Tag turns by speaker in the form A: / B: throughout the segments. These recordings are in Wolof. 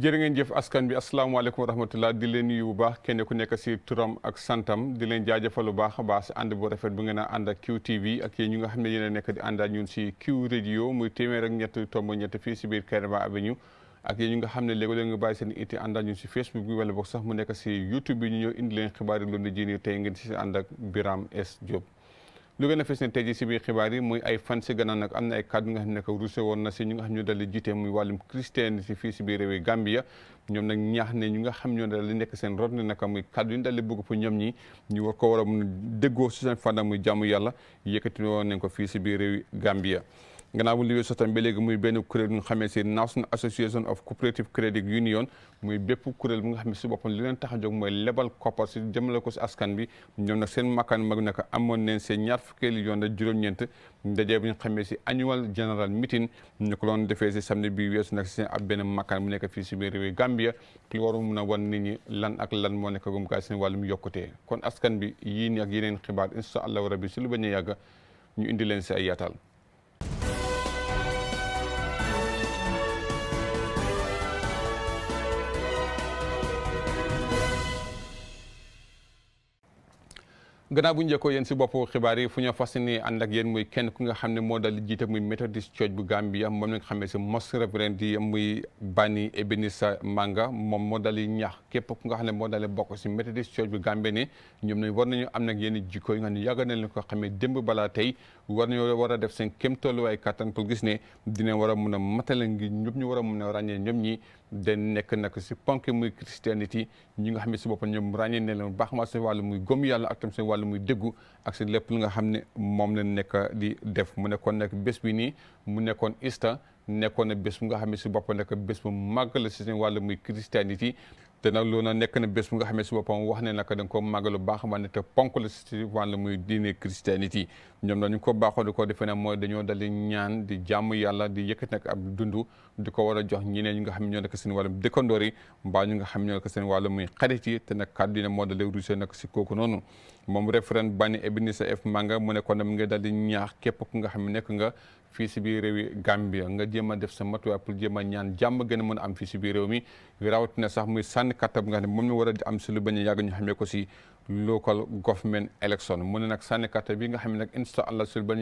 A: jërë ngeen jëf askan bi asalaamaaleykum wa rahmatullah di leen nuyu bu baax kenn ku nekk si turam ak santam di leen jaajëfal bu baax a baax si ànd bu rafet bu ngeena a ànd ak QTV ak yéen ñi nga xam ne yéen a nekk di ànd ak ñun si Q radio muy téeméer ñett tomb ñett fii si biir Kairaba Avenue ak yéen ñi nga xam ne léegi nga bàyyi seen itti ànd ak ñun si Facebook bi wala sax mu nekk si YouTube ñu ñëw indi leen xibaar yi loolu di ji nii tey ngeen si ànd ak Biram S Diop lu gën a fës ne tey jii si biir xibaar yi muy ay fan si gannaaw nag am na ay kàddu nga xam ne que rusé woon na si ñu nga xam ñoo dal di jiite muy wàllum christianité fii si biir réewi Gambia ñoom nag ñaax ne ñu nga xam ñoo dal di nekk seen rot ne naka muy kàddu yi ñu dal di ñoom ñi ñu war ko war a mun déggoo si seen fànna muy jàmm yàlla yëkkati woon nañ ko fii si biir réewi Gambia gannaaw bu ñu liggéey sotam ba léegi muy benn kuréel bu nga xamee si National Association of Cooperative Credit Union muy bépp kuréel bu nga xam ne si boppam li leen tax a mooy lebal koppar si jëmale ko si askan bi ñoom nag seen makkaan mag nag amoon neen see ñaar fukkeeli yoon ak juróom-ñeent ndaje bu ñu xamee si annual general meeting ñu ko doon defee si samedi bi weesu nag seen ab benn makkaan mu nekk fii si biir réewi Gambia ki waru mun a wan nit ñi lan ak lan moo nekk gum gaa seen wàllum yokkutee kon askan bi yii nii yeneen xibaar incha allahu rabi si lu bañ a yàgg ñu indi leen si ay yaatal gannaaw bu njëkkoo yéen si bopp xibaar yi fu ñu fas yéene ànd ak yéen muy kenn ku nga xam ne moo dal jiite muy Methodist Church bu Gambia moom la nga xam ne si mos révérend yi muy Bani Ebenisa Manga moom moo dal ñaax képp ku nga xam ne moo dal bokk si Methodist Church bu Gambia ne ñoom nañ war nañu am nag yéen jikko yi nga xam ne yàgg nañ ko xamee démb balaa tey war nañoo war a def seen kéem tolluwaay kattan pour gis ne dina war a mun a matale ngi ñëpp ñu war a mun a ràññee ñoom ñi da nekk nag si ponk muy christianity ñi nga xam ne si boppam ñoom ràññee ne mu baax ma seen wàll muy gëm yàlla ak tam seen wàllu muy déggu ak si lépp lu nga xam ne moom la nekk di def mu nekkoon nag bés bi nii mu nekkoon Easter nekkoon na bés bu nga xam ne si boppam nekk bés bu màgg la si seen wàllu muy christianity te nag loolu nag nekk na bés bu nga xamee si boppam wax ne naka da ko màggalu baax wane te ponk la si wàll muy diine christianité ñoom na ñu ko baaxoo di ko defee nag mooy dañoo dal di ñaan di jàmm yàlla di yëkkati nag ab dund di ko war jox ñeneen yi ñu nga xam ñoo nekk seen wàllum muy xarit yi te nag kàddu yi moo dal di rusé nag si kooku noonu moom référent Banny Ebenezer Manga mu ne kon nag mu ngi daal di ñaax képp ku nga xam nekk nga fii si biir réew yi Gambia nga jéem a def sa matuwaay pour jéem a ñaan jàmm gën mën am fii si biir réew mi rawatina benn kattan bu nga xam ñu war a am si lu bañ a yàgg ñu xamee ko si local government election mu ne nag bi nga xam ne nag insta allah sul ba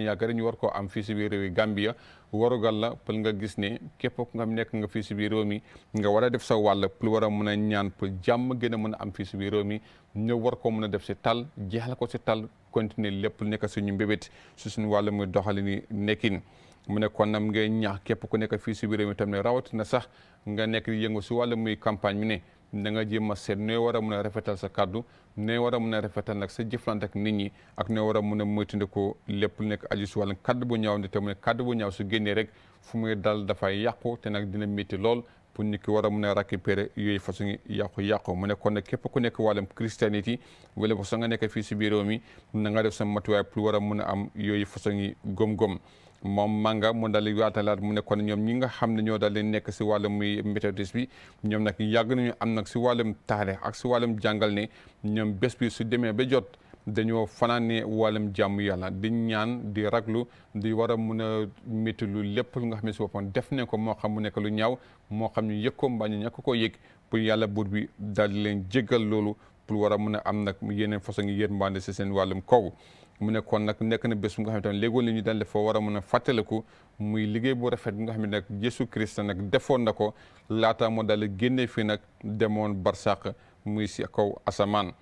A: war koo am fii si biir réew yi Gambia warugal la pour nga gis ne képp ku nga nekk nga fii si biir réew mi nga war a def sa wàll pour war a mën a ñaan pour jàmm gën a mën a am fii si biir réew mi ñu war koo mën a def si tal jeexal ko si tal continuer lépp lu nekk suñu mbébét si suñu wàll muy doxali nekkin mu ne kon nam ngay ñaax képp ku nekk fii si biir mi tam ne rawatina sax nga nekk di yëngu si wàll muy campagne mi ne na nga jéem a seet nooy war a mun a rafetal sa kàddu nooy war a mun a rafetal nag sa jëflante ak nit ñi ak nooy war a mun a moytandikoo lépp lu nekk aju si wàllum kàddu bu ñaaw te ne kàddu bu ñaaw su génnee rek fu muy dal dafay yàqu te nag dina métti lool pour nit ki war a mun a récupérer yooyu façon yàqu-yàqu mu ne kon nag képp ku nekk wàllum christianité wala fa nga nekk fii si biir mi na def sa matuwaay pour war a mun a am yooyu façon yi gom-gom moom manga mu daal di laat mu ne na ñoom ñi nga xam ne ñoo daal di nekk si wàllum muy méthodiste bi ñoom nag yàgg nañu am nag si wàllum taarix ak si wàllum jàngal ne ñoom bés bi su demee ba jot dañoo fanaane wàllum jàmm yàlla di ñaan di raglu di war a mun a métti lu lépp lu nga xam ne si boppam def ne ko moo xam mu nekk lu ñaaw moo xam ñu yëg ko mbaa ko koo yëg pour yàlla buur bi daal leen jégal loolu pour war a mun a am nag yeneen façon ngi yéen mbaande si seen wàllum kaw mu ne kon nag nekk na bés bu nga xam ne tamit léegoo la ñu daan dafa war a mun a fàttale ko muy liggéey boo rafet nga xam ne nag Jésu Christ nag defoon na ko laataa moo daal di génnee fii nag demoon barsàq muy si kaw asamaan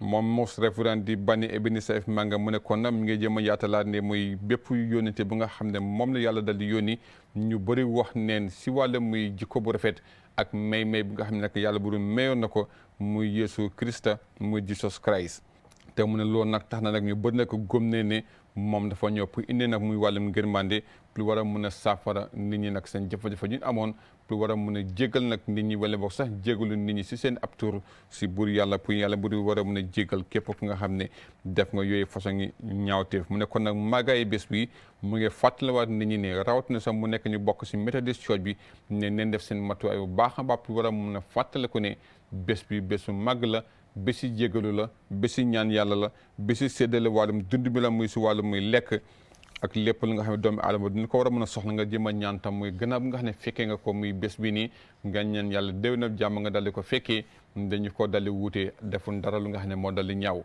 A: moom Mousref Fourandi Bani Ibn Saif Manga mu ne kon nag mi ngi jéem a yaatalaat ne muy bépp yónnite bu nga xam ne moom la yàlla dal di yónni ñu bëri wax neen si wàlla muy jikko bu rafet ak may may bu nga xam ne nag yàlla buru mayoon na ko muy yéesu Krista muy Jesus Christ te mu ne loolu nag tax na nag ñu bëri nag gëm ne ne moom dafa ñëw pour indi nag muy wàllum ngërmande lu war a mun a saafara nit ñi nag seen jafe-jafe ñu amoon pour war a mun a jégal nag nit ñi wala boog sax jégalu nit ñi si seen ab tur si buur yàlla pour yàlla bu war a mun a jégal képp ku nga xam ne def nga yooyu façon yi ñaawteef mu ne kon nag màggaay bés bi mu ngi fàttaliwaat ñi ne rawatina sax mu nekk ñu bokk si Methodist Church bi ne neen def seen matuwaay bu baax a baax war a mun a fàttaliku ne bés bi bésu màgg la bési jégalu la bési ñaan yàlla la bési séddale wàllum dund bi la muy si wàllum muy lekk ak lépp li nga xam ne doomi aadama dina ko war a mën a soxla nga jéem a ñaan tam muy gannaaw bi nga xam ne nga ko muy bés bi nii nga ñaan yàlla déwénab jàmm nga daldi ko fekkee dañu ko daldi wuute defun dara lu nga xam ne moo daldi ñaaw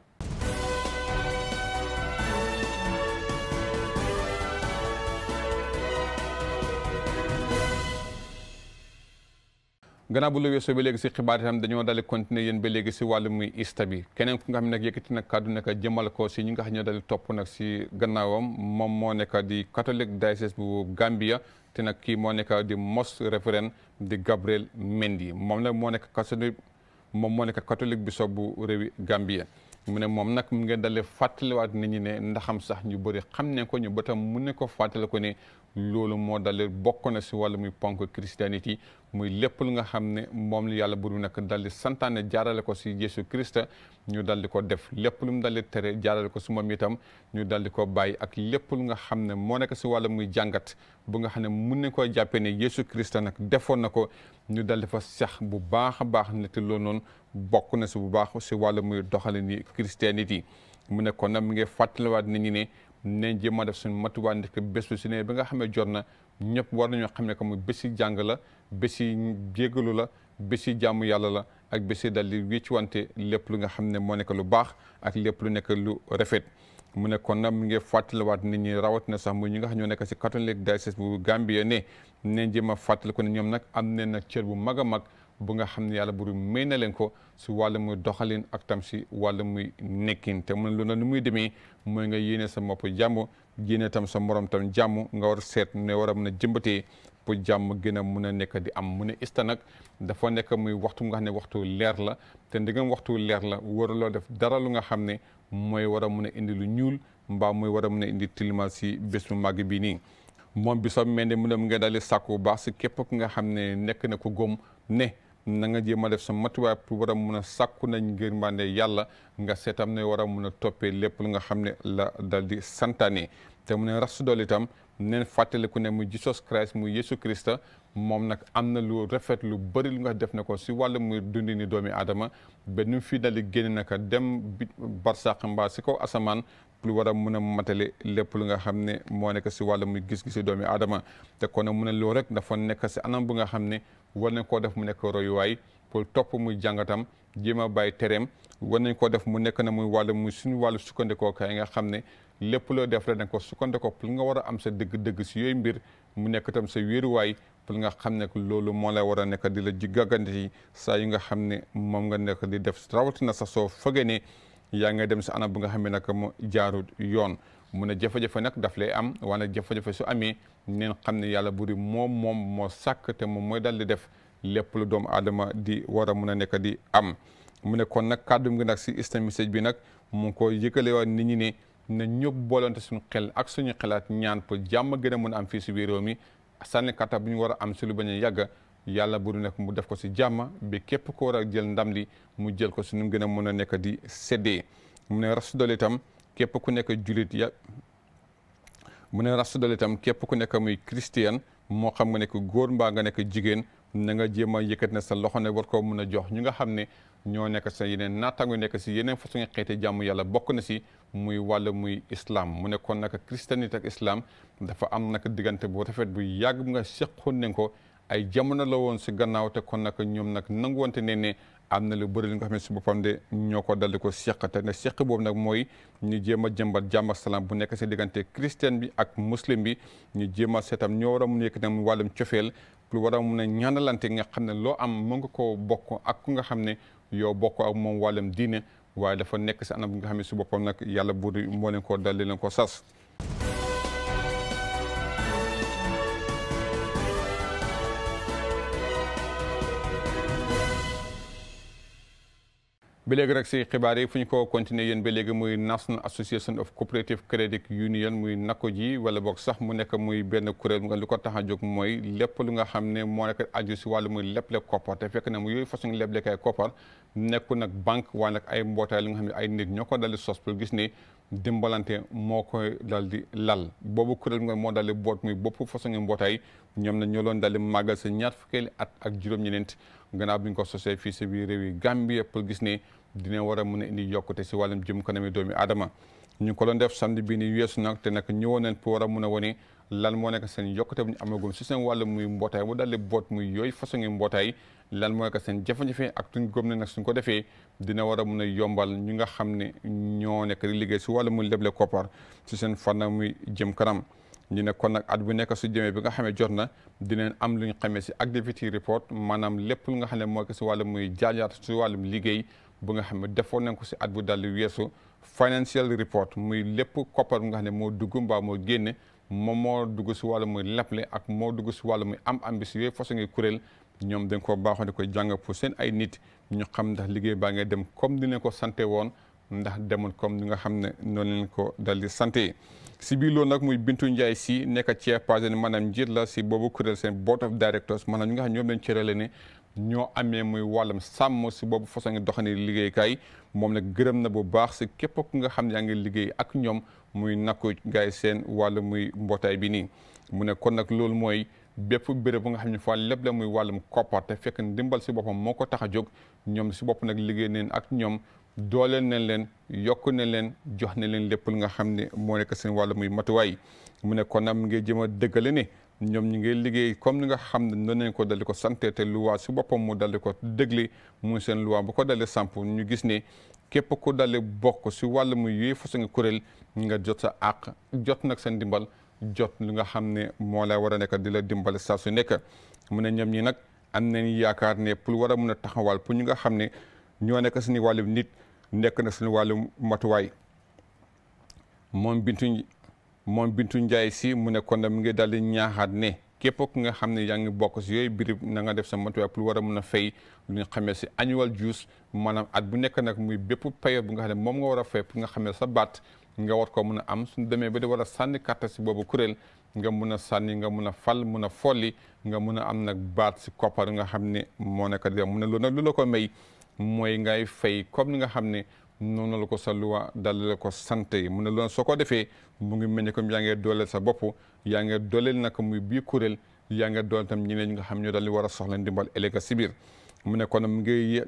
A: gannaaw bu la weesoo ba léegi si xibaar itam dañoo daal di continuer yéen ba léegi si wàllu muy ista bi keneen ku nga xam ne nag yëkkati nag kàddu nag jëmal ko si ñi nga xam ne daal di topp nag si gannaawam moom moo nekk di catholique diocèse bu Gambia te nag kii moo nekk di most référend di Gabriel Mendy moom nag moo nekk catholique moom moo nekk catholique bishop bu réewi Gambia mu ne moom nag mu ngeen dalee fàttaliwaat nit ñi ne ndaxam sax ñu bëri xam ne ko ñu ba tam mu ne ko fàttali ko ne loolu moo dalee bokk na si wàllu muy ponk christianité muy lépp lu nga xam ne moom la yàlla bur bi nag dal di santaane jaarale ko si Yesu Christ ñu dal di ko def lépp lu mu dal tere jaarale ko su moom itam ñu dal di ko bàyyi ak lépp lu nga xam ne moo nekk si wàlla muy jàngat bu nga xam ne mun nañ koo jàppee ne Yesu Christ nag defoon na ko ñu dal fa sax bu baax a baax ne te loolu noonu bokk na si bu baax si wàlla muy doxalin yi christianité yi mu ne kon nag mi ngi fàttaliwaat nit ñi ne nañ jéem def suñu matuwaay ndekk bés bu si ne bi nga xamee ne jot na ñëpp war nañoo xam ne que mu bési jàng la bési jéggalu la bési jàmm yàlla la ak bési dal di wécc wante lépp lu nga xam ne moo nekk lu baax ak lépp lu nekk lu rafet mu ne kon nag mu ngi fàttaliwaat nit ñi rawatina sax ñi nga xam ñoo nekk si catholique diocèse bu Gambie ne neen jéem a fàttali ko ñoom nag am ne nag cër bu mag a mag bu nga xam ne yàlla buru may na leen ko si wàllu muy doxalin ak tam si wàllu muy nekkin te mu ne loolu nu muy demee mooy nga yéene sa mopp jàmm yéene tam sa morom tam jàmm nga war seet ne war a mun a jëmbatee pour jàmm gën a mun a nekk di am mu ne ista nag dafa nekk muy waxtu nga ne waxtu leer la te ndigam waxtu leer la waruloo def dara lu nga xam ne mooy war a mun a indi lu ñuul mbaa mooy war a mun a indi tilima si bés bu màgg bi nii moom Bishop Mende mu ne mu nga daal di sàkku baax si képp ku nga xam ne nekk na ko góom ne na nga jéem a def sa matuwaay pour war a mun a sàkku nañ ngir mande yàlla nga seetam ne war a mun a toppee lépp lu nga xam ne la dal di santaane te mu ne rasu dool neen fàttaliku ne muy Jesus Christ muy Yesu Christa moom nag am na lu rafet lu bëri lu nga def na ko si wàllu muy dundi doomi aadama ba nu mu fii dali génn naka dem bi barsàq mbaa si kaw asamaan lu war a mun a matale lépp lu nga xam ne moo nekk si wàllu muy gis-gisi doomi aadama te kon nag mu ne loolu rek dafa nekk si anam bu nga xam ne war nañ koo def mu nekk royuwaay pour topp muy jàngatam jéem a bàyyi tereem war nañ koo def mu nekk na muy wàllu muy suñu wàllu sukkandikoo kaay nga xam ne lépp loo def la ne ko sukkandiku pour nga war a am sa dëgg-dëgg si yooyu mbir mu nekk itam sa wéeruwaay pour nga xam ne loolu moo lay war a nekk di la ji gàggante yi saa yi nga xam ne moom nga nekk di def na sa soo fëgee ne yaa ngay dem si anam bu nga xam ne nag mu jaarut yoon mu ne jafe-jafe nag daf lay am wana jafe-jafe su amee neen xam ne yàlla buri moom moom moo sàkk te moom mooy dal di def lépp lu doomu aadama di war a mun a nekk di am mu ne kon nag kàddum gi nag si instant bi nag mu ngi ko yëkkale waa nit ñi ne na ñëpp boolante suñu xel ak suñu xelaat ñaan pour jàmm gën a mën a am fii si biir réew mi sànni bu ñu war a am si lu bañ a yàgg yàlla bu nekk mu def ko si jàmm bi képp ko war a jël ndam li mu jël ko si nu mu gën a mën a nekk di seddee mu ne rasu doole itam képp ku nekk julit ya mun ne rasu doole itam képp ku nekk muy christian moo xam nga nekk góor mbaa nga nekk jigéen na nga jéem a yëkkat ne sa loxo ne war koo mën a jox ñu nga xam ne ñoo nekk sa yeneen naataango nekk si yeneen façon nga xeeti jàmm yàlla bokk na si muy wàll muy islam mu nekkoon nag christianité ak islam dafa am naka diggante bu rafet bu yàgg nga seqoon nañ ko ay jamono la woon si gannaaw te kon naka ñoom nag nanguwante ne ne am na lu bëri li nga xam ne si boppam ñoo ko daldi ko seq te ne seq boobu nag mooy ñu jéem a jëmbat jàmm salaam bu nekk si diggante christian bi ak muslim bi ñu jéem a seetam ñoo war a mun a yëkkati wàllum cofeel lu war a mun a ñaanalante nga xam ne loo am mën nga koo bokk ak ku nga xam ne yow bokk ak moom wallam diine waaye dafa nekk si anam bi nga xam ne si boppam nag yàlla buur moo leen ko dal leen ko sas ba léegi rek si xibaar yi fu ñu ko continuer yéen ba léegi muy National Association of Cooperative Credit Union muy nako ji wala boog sax mu nekk muy benn kuréel nga lu ko tax a jóg mooy lépp lu nga xam ne moo nekk aju si wàllu muy leble koppar te fekk na mu yooyu façon leble kay koppar nekku nag banque waa nag ay mbootaay lu nga xam ne ay nit ñoo ko dal di sos pour gis ni dimbalante moo koy dal di lal boobu kuréel nga moo dal boot muy bopp façon mbootaay ñoom na ñoo loon dal di màggal sa ñaar fukkeeli at ak juróom-ñeneent gannaaw bi ñu ko sosee fii si biir yi Gambie pour gis ni dina war mun a indi yokkute si wàllum jëm kanami doomi aadama ñu ko doon def samedi bii nii weesu nag te nag ñëwoon nañ pour war a mën a lan moo nekk seen yokkute bu ñu amagum si seen wàllum muy mbootaay mu daldi boot muy yooyu façon ngi mbootaay lan moo nekk seen jafe ak tuñ gëm ne nag suñ ko defee dina war a mën a yombal ñu nga xam ne ñoo nekk di liggéey si wàllum muy leble koppar si seen fànn muy jëm kanam ñu ne kon nag at bu nekk su jëmee bi nga xamee jot na dinañ am lu ñu xamee si activity report maanaam lépp lu nga xam ne moo nekk si wàllum muy jaajaat si wàllum liggéey bu nga xam ne defoon nañ ko si at bu dal weesu financial report muy lépp koppar bu nga xam ne moo dugg mbaa moo génne moom moo dugg si wàllu muy laple ak moo dugg si wàllu muy am ambition si façon ngi kuréel ñoom dañ ko baaxoon di koy jàng pour seen ay nit ñu xam ndax liggéey baa ngay dem comme ni leen ko sante woon ndax demul comme ni nga xam ne noonu leen ko dal di sante si biir loolu nag muy Bintu Njaay si nekk chairperson maanaam njiit la si boobu kuréel seen board of directors maanaam ñi nga xam ñoom lañ cërale ne ñoo amee muy wàllam sàmm si boobu façon ngi doxani liggéeykaay moom nag gërëm na bu baax si képp ku nga xam ne ngi liggéey ak ñoom muy nakku gaay seen wàllu muy mbootaay bi nii mu ne kon nag loolu mooy bépp béréb bu nga xam ne fa lépp la muy wàllum koppar te fekk ndimbal si boppam moo ko tax a jóg ñoom si bopp nag liggéey neen ak ñoom dooleel nañ leen yokk nañ leen jox nañ leen lépp nga xam ne moo nekk seen wàllu muy matuwaay mu ne kon nag mu ngi jëm a dëggale ne ñoom ñu ngi liggéey comme ni nga xam ne noonu nañ ko daldi ko sante te luwaa si boppam mu daldi ko dégli muy seen luwaa bu ko daldi samp ñu gis ne képp ku daldi bokk si wàllum yooyu façon nga kuréel nga jot sa àq jot nag seen dimbal jot li nga xam ne moo lay war a nekk di la dimbale saa su nekk mu ne ñoom ñi nag am nañ yaakaar ne pour war mun a taxawal pour ñu nga xam ne ñoo nekk suñu wàllum nit nekk na suñu wàllum matuwaay moom bintu moom Bintu Ndiaye si mu ne kon nag mu ngi daal di ñaaxaat ne képp ku nga xam ne yaa bokk si yooyu birib na nga def sa matuwaay pour war a mun a fay lu xamee si annual dues maanaam at bu nekk nag muy bépp payoor bu nga xam moom nga war a fay pour nga xamee sa baat nga war ko mun a am suñu demee ba di war a sànni carte si boobu kuréel nga mun a sànni nga mun a fal mun a folli nga mun a am nag baat si koppar nga xam ne moo nekk di mu ne loolu nag lu la ko may mooy ngay fay comme ni nga xam ne noonu la ko salluwa dal la ko sant yi mu ne loolu soo ko defee mu ngi mel ni comme yaa ngi dooleel sa bopp yaa ngi dooleel nag muy bii kuréel yaa ngi dooleel tam ñeneen ñi nga xam ñoo daal di war a soxla ndimbal ëllëg si biir mu ne kon mu ngi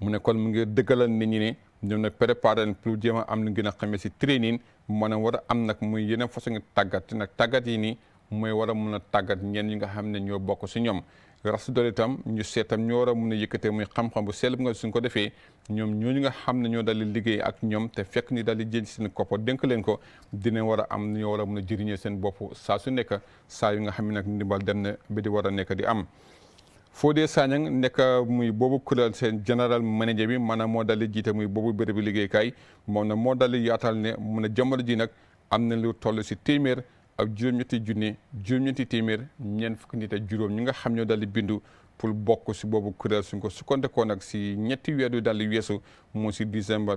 A: mu mu ngi dëggalal nit ñi ne ñoom nag préparé leen pour jéem a am lu gën a xamee si training maanaam war a am nag muy yeneen façon tàggat nag tàggat yi nii mooy war mun a tàggat ñenn ñi nga xam ne ñoo bokk si ñoom rasu doole tam ñu seetam ñoo war a mun a yëkkatee muy xam-xam bu sell bu nga suñ ko defee ñoom ñooñu nga xam ne ñoo dal liggéey ak ñoom te fekk ni dalli di jël seen koppa dénk leen ko dina war a am ñoo war mun a jëriñee seen bopp saa su nekk saa yu nga xam ne nag ndimbal dem na ba di war a nekk di am foo Fodé Sagnang nekk muy boobu kuréel seen général manager bi maanaam moo dal di jiite muy boobu béréb liggéey liggéeykaay moom na moo dal yaatal ne mun a jamono ji nag am na lu toll si téeméer ak juróom-ñetti junni juróom-ñetti téeméer ñeent fukk nit juróom ñi nga xam ñoo daal di bindu pour bokk si boobu kuréel suñ ko sukkandekoon nag si ñetti weer yu daal di weesu mu si décembre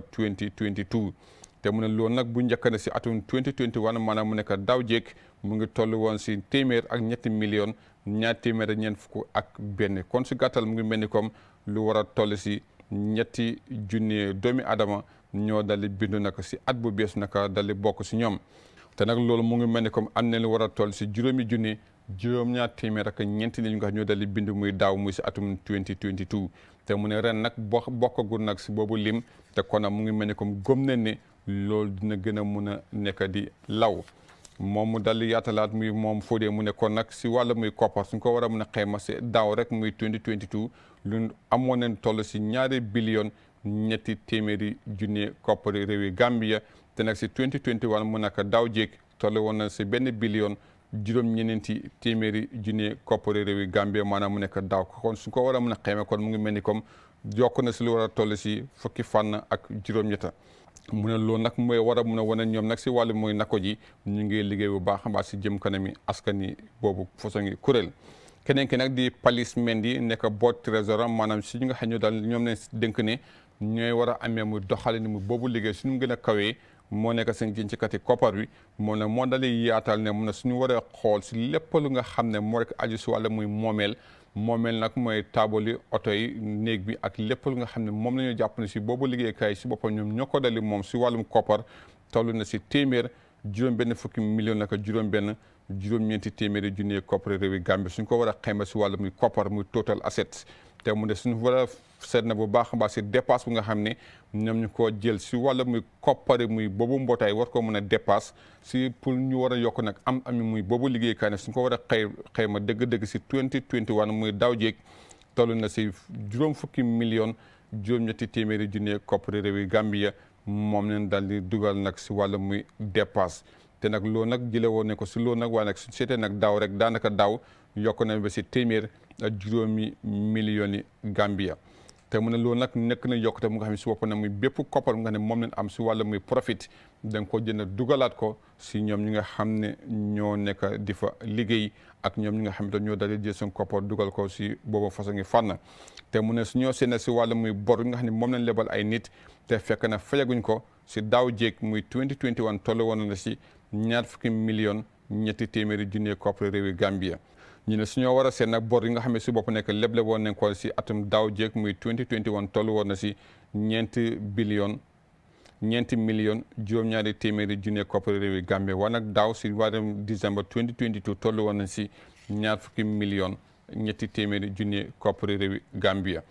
A: te mu ne loolu nag bu njëkk na si atum 2021 maanaam mu nekk daaw jéeg mu ngi toll woon si téeméer ak ñetti million ñaar téeméer ñeent fukk ak benn kon mu ngi mel ni comme lu war a toll si ñetti junni doomi aadama ñoo dali bindu nag si at bu bees nag dali bokk si ñoom te nag loolu mu ngi mel ni comme am na lu war a toll si juróomi junni juróom-ñaar téeméer ak ñeenti nit ñu nga xam ñoo daldi bind muy daaw muy si atum 2022 te mu ne ren nag bokk bokkagul nag si boobu lim te kon mu ngi mel ni comme gëm nañ ne lool dina gën a mun a nekk di law moom mu daldi yaatalaat muy moom Fodé mu ne kon nag si wàllu muy koppar suñ ko war a mun a xayma si daaw rek muy 2022 lu amoon nañ toll si ñaari billion ñetti téeméeri junne koppari réewi Gambia te nag si 2021 mu naka daaw jéeg toll woon na si benn billion juróom-ñeneenti téeméeri junni koppari réewi Gambie maanaam mu nekk daaw kon su ko waraa a mën a xeeme kon mu ngi mel ni comme yokk na si lu war a toll si fukki fànn ak juróom-ñetta mu ne loolu nag mooy war a mun a wane ñoom nag si wàllu mooy nako ji ñu ngi liggéey bu baax mbaa si jëm kanami askan wi boobu façon yi kuréel keneen ki nag di Palis Mendy nekk board trésorier maanaam si ñu nga xam ne daal ñoom ne dénk ne ñooy war a amee mu doxale ni mu boobu liggéey suñu gën a kawee moo nekk seen jëncikati koppar wi moo ne moo dali yaatal ne mu ne suñu waree xool si lépp lu nga xam ne moo rek si wàlla muy moomeel moomeel nag mooy taabali oto yi néeg bi ak lépp lu nga xam ne moom la ñu jàpp ne si boobu liggéeykaay si boppam ñoom ñoo ko dali moom si wàllum koppar toll na si téeméer juróom benn fukki million naka juróom benn juróom-ñeenti téeméeri junni koppar réewi Gambie suñ ko war a xayma si wàllum koppar muy total assets te mu ne suñu wala seet na bu baax a baax si dépasse bu nga xam ne ñoom ñu ko jël si wala muy koppare muy boobu mbootaay war ko mën a dépasse si pour ñu war a yokk nag am ami muy boobu liggéeykaay ne suñu ko war a xëy xëy ma dëgg-dëgg si 2021 muy daaw jéeg toll na si juróom fukki million juróom-ñetti téeméeri junne koppare réewi Gambia moom leen daal di dugal nag si wàlla muy dépasse te nag loolu nag jële woon ne ko si loolu nag waaye nag suñ seetee nag daaw rek daanaka daaw yokk na ba si téeméer a juróomi millions yi Gambia te mu ne loolu nag nekk na yokkute mu nga xam ne si bopp muy bépp koppar mu nga xam ne moom lañ am si wàllu muy profit da nga ko jënd dugalaat ko si ñoom ñi nga xam ne ñoo nekk di fa liggéey ak ñoom ñi nga xam ne ñoo daal di jël dugal ko si booba façon ngi fànn te mu ne suñoo seen si wàllu muy bor yi nga xam ne moom lañ lebal ay nit te fekk na fayaguñ ko si daaw jéeg muy 2021 toll woon na si ñaar fukki million ñetti téeméeri junne koppar réewi Gambia ñu ne suñoo war a seet nag bor yi nga xam ne si bopp nekk leble woon nañ ko si atum daaw jéeg muy 2021 toll woon na si ñeenti billion ñeenti million juróom-ñaari téeméeri junne koppar réewi Gambie waaye nag daaw si waaram décembre 2022 toll woon na si ñaar fukki million ñetti téeméeri junne koppar réewi Gambia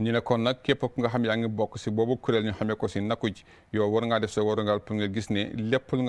A: ñu ne kon nag képp ku nga xam yaa ngi bokk si boobu kuréel ñu xamee ko si nakku yow war def sa warangal pour nga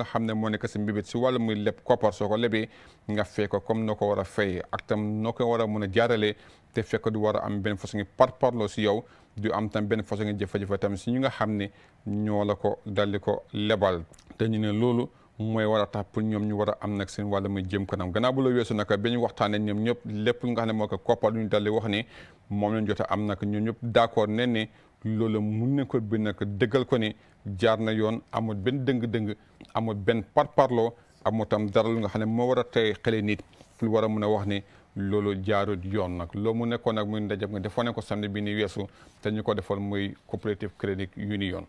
A: xam ne moo nekk si mbibit si wàllu muy lépp koppar soo ko lebee nga fay ko comme noo ko war a fay ak tam noo ko war a mën a jaaralee te fekk du war a am benn façon par parloo si yow du am tam benn façon jafe-jafe tam si ñu nga xam ne ñoo la ko dalli ko lebal te ñu ne loolu mooy war a tax pour ñoom ñu war a am nag seen wàlla muy jëm kanam ganaa bu la weesu nag ba ñu waxtaanee ñoom ñëpp lépp nga xam moo ko koppar lu ñu wax ne moom lañ jot am nag ñoom ñëpp d'accord ne ne loolu mun nañ ko bi nag dëggal ko ne jaar na yoon amut benn dëng-dëng amut benn parparloo amul tam dara lu nga xam ne moo war a tey xale nit fu war a mun a wax ni loolu jaarut yoon nag loolu mu nekkoon nag muy ndajab nga defoon ne ko samedi bi ni weesu te ñu ko defoon muy coopérative credit union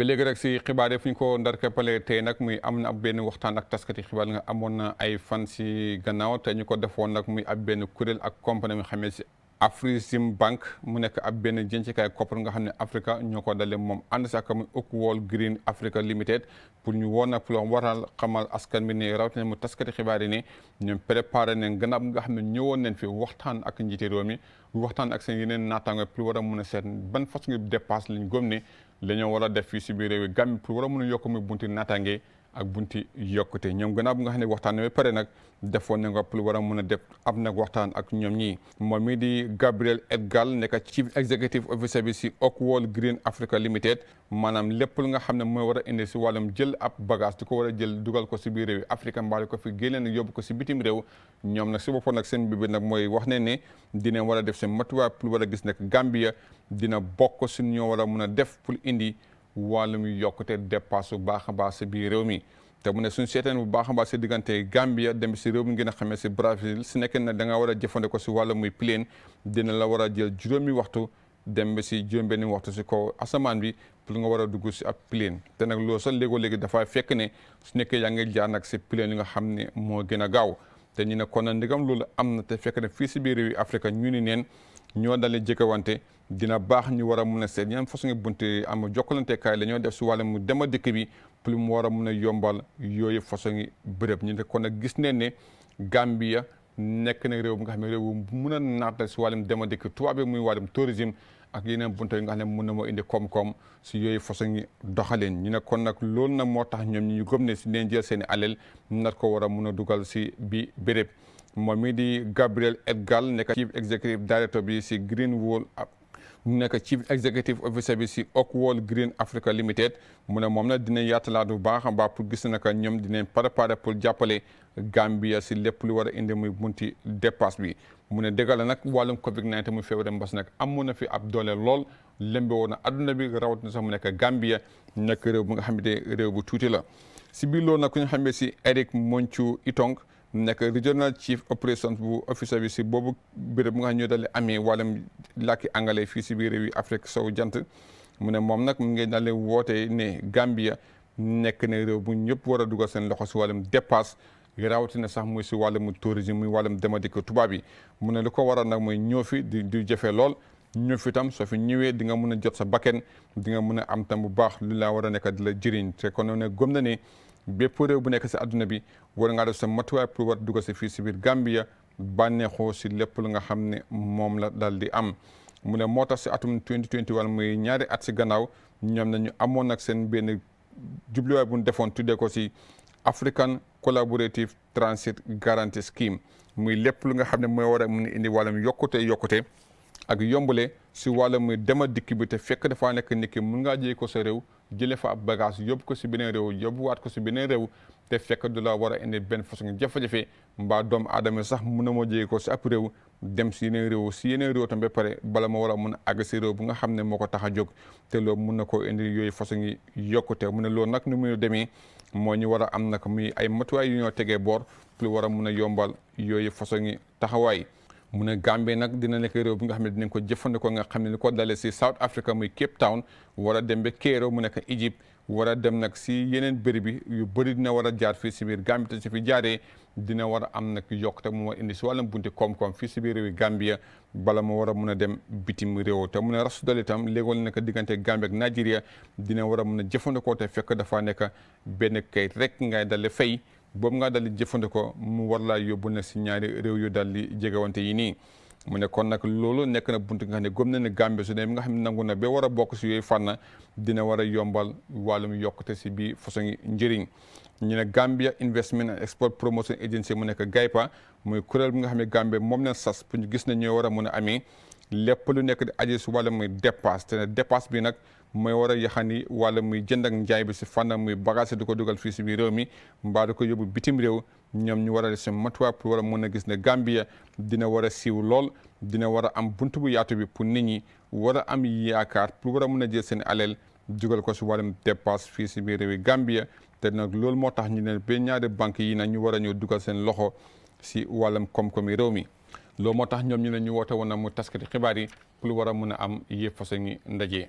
A: ba léegi si xibaar fu ñu ko ndarkapale tey nag muy am na ab benn waxtaan ak taskati xibaar nga amoon na ay fan si gannaaw te ñu ko defoon nag muy ab benn kuréel ak compagnie mi xamee si Afrexim Bank mu nekk ab benn jëncikaay koppar nga xam ne Africa ñoo ko dale moom ànd si ak muy Oakwall Green pour ñu woon nag pour waral xamal askan bi ne rawatina mu taskati xibaar yi ne ñoom préparé nañ gannaaw xam ne ñëwoon nañ fi waxtaan ak njiiti réew mi ak seen yeneen naataango pour war a mun a seet ban façon dépasse lañ gëm la ñoo war a def fii si biir réew mi Gàmbi pour a mun a yokk muy bunti naataange ak bunti yokkute ñoom gannaaw bu nga xam ne waxtaan ba pare nag defoon na nga lu war a mën a def am nag waxtaan ak ñoom ñii moom mi di Gabriel Edgal nekka chief executive officer bi si Oakwall Green Africa Limited maanaam lépp lu nga xam ne mooy war a indi si wàllum jël ab bagage di ko war a jël dugal ko si biir réew yi Afrique mbaale ko fi génne nag yóbbu ko si bitim réew ñoom nag si boppam nag seen bibir nag mooy wax ne ne dina war a def seen matuwaay pour war gis nag Gambia dina bokk ko si war a mën a def pour indi wàllum yokkute dépasse bu baax a baax si biir réew mi te mu ne suñ seeteen bu baax a baax si diggante Gambia dem si réew mi ngeen a xamee si Brazil si nekkee ne da nga war a jëfandikoo si wàllum muy plane dina la war a jël juróomi waxtu dem ba si juróom-benni waxtu si ko asamaan bi pour nga war a dugg si ab plane te nag loolu sax léegoo léegi dafay fekk ne su nekkee yaa ngi jaar nag si plane yi nga xam ne moo gën a gaaw. te ñu ne kon na ndigam loolu am na te fekk ne fii si biir réew yi Afrique ñu ni neen ñoo dalee jëkkawante dina baax ñu war a mun a seet ñaan façon bunte am jokkalante kaay la def si mu dema dikk bi pour mu war a mun a yombal yooyu façon yi ñu ne kon nag gis neen ne Gambia nekk na réew bi nga xam ne réew mun a naat la si wàllum dema dikk tubaab bi muy wàllum tourisme ak yeneen bunte yi nga xam ne mën na moo indi koom-koom si yooyu façon doxalin ñi ne kon nag loolu nag moo tax ñoom ñu gëm si leen jël seen i alal nat ko war a mun a dugal si bi béréb moom mii di Gabriel Edgal nekk chief executive director bi si Greenwall mu nekk chief executive officer bi si Oakwall Green Africa Limited mu ne moom nag dinañ yaatalaat bu baax a baax pour gis naka ñoom dinañ préparé pour jàppale Gambia si lépp lu war a indi muy bunti dépasse bi mu ne dëgg nag wàllum Covid 19 muy feebar mbas nag amoon na fi ab doole lool lembe woon na adduna bi rawatina sax mu nekk Gambia nekk réew bu nga xamante réew bu tuuti la si biir loolu nag ku ñu xamee si Eric Monchu Itong nekk regional chief operations bu office bi si boobu béréb bu nga xam ñoo dalee amee wàllum làkki angale fii si biir réew yi Afrique sow jant mu ne moom nag mu ngi dalee wootee ne Gambia nekk ne réew bu ñëpp war a dugal seen loxo si wàllum dépasse rawatina sax muy si wàllum tourisme muy wàllum demadik tubaab yi mu ne lu ko waral nag mooy ñëw fi di di jafe lool ñëw fi tam soo fi ñëwee di nga mun a jot sa bakken di nga mun a am tam bu baax lu laa war a nekk di la jëriñ te kon ne gëm na ni bépp réew bu nekk si adduna bi war nga def sa matuwaay pour war dugal si fii si biir Gambia bànneexoo si lépp lu nga xam ne moom la daal di am mu ne moo tax si atum 2021 muy ñaari at si gannaaw ñoom na ñu amoon nag seen benn jubluwaay bu ñu defoon tuddee ko si African Collaborative Transit Guarantee Scheme muy lépp lu nga xam ne mooy war a mun indi wàllum yokkute yokkute ak yombale si wàllum dema dikk bi te fekk dafaa nekk nit mun ngaa jëlee ko sa réew jëlee fa ab bagage yóbbu ko si beneen réew yóbbuwaat ko si beneen réew te fekk du la war a indi benn façon jafe-jafe mbaa doomu aadama sax mun na moo jëlee si ab réew dem si yeneen réew si yeneen réew tam ba pare bala ma war a mun a àgg si réew bu nga xam ne moo ko tax a jóg te loo mun na koo indi yooyu façon yi yokkute mun ne loo nag nu muy demee moo ñu war a am na muy ay matuwaay yu ñoo tegee boor pour war a mun a yombal yooyu façon yi taxawaay mu ne Gambie nag dina nekk réew bi nga xam ne dinañ ko jëfandikoo nga xam ne li ko dale si South Africa muy Cape Town war dem ba Cairo mu nekk Egypte war a dem nag si yeneen bërëb bi yu bëri dina war a jaar fii si biir Gambie te si fi jaaree dina war a am nag yokkute mu war indi si walam bunti koom-koom fii si biir réewi Gambia bala mu war a mun a dem bitim réew te mu ne rasu dal itam léegoo la nekk diggante Gambie ak Nigeria dina war a mun a jëfandikoo te fekk dafa nekk benn kayit rek ngay dale fay boobu nga dal di jëfandikoo mu war laa yóbbu na si ñaari réew yu daal di jegewante yi nii mu ne kon nag loolu nekk na buntu nga xam ne gëm na ne Gambie su ne mi nga xam ne nangu na ba war a bokk si yooyu fànn dina war a yombal wàllum yokkute si bii façon njëriñ ñu ne Gambia Investment and Export Promotion Agency mu nekk GAIPA muy kuréel bi nga xam ne Gambie moom leen sas pour gis ne ñoo war a mun a amee lépp lu nekk di aji si wàllum dépasse te ne dépasse bi nag mooy war a yaxani wala muy jënd ak njaay bi si fànnam muy bagage di ko dugal fii si biir réew mi mbaa ko yóbbu bitim réew ñoom ñu war a seen matuwaay pour war a mën a gis ne Gambia dina war a siiw lool dina war a am buntu bu yaatu bi pour nit ñi war a am yaakaar pour war a mën a jël seen alal dugal ko si wàllum dépasse fii si biir réew yi Gambia te nag lool moo tax ñu ne ba ñaari banque yi nag ñu war a ñëw dugal seen loxo si wàllum koom-koomi réew mi loolu moo tax ñoom ñu ne ñu woote woon na mu taskati xibaar yi pour war a mën a am yëpp façon ndaje.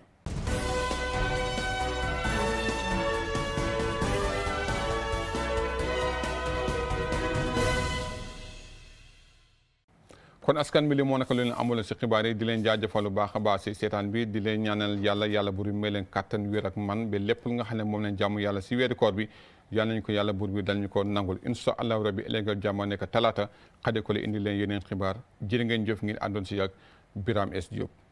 A: kon askan bi li moo naka lu leen amuloon si xibaar yi di leen jaajëfal baax a baax si seetaan bi di leen ñaanal yàlla yàlla buur bi may leen kàttan wér ak man ba lépp lu nga xam ne moom leen jàmm yàlla si weeru koor bi yal nañu ko yàlla buur bi dal ñu ko nangul insha allahu rabbi ëllëg jàmm nekk talaata xade ko la indi leen yeneen xibaar jërë ngeen jëf ngeen si ak Biram S Diop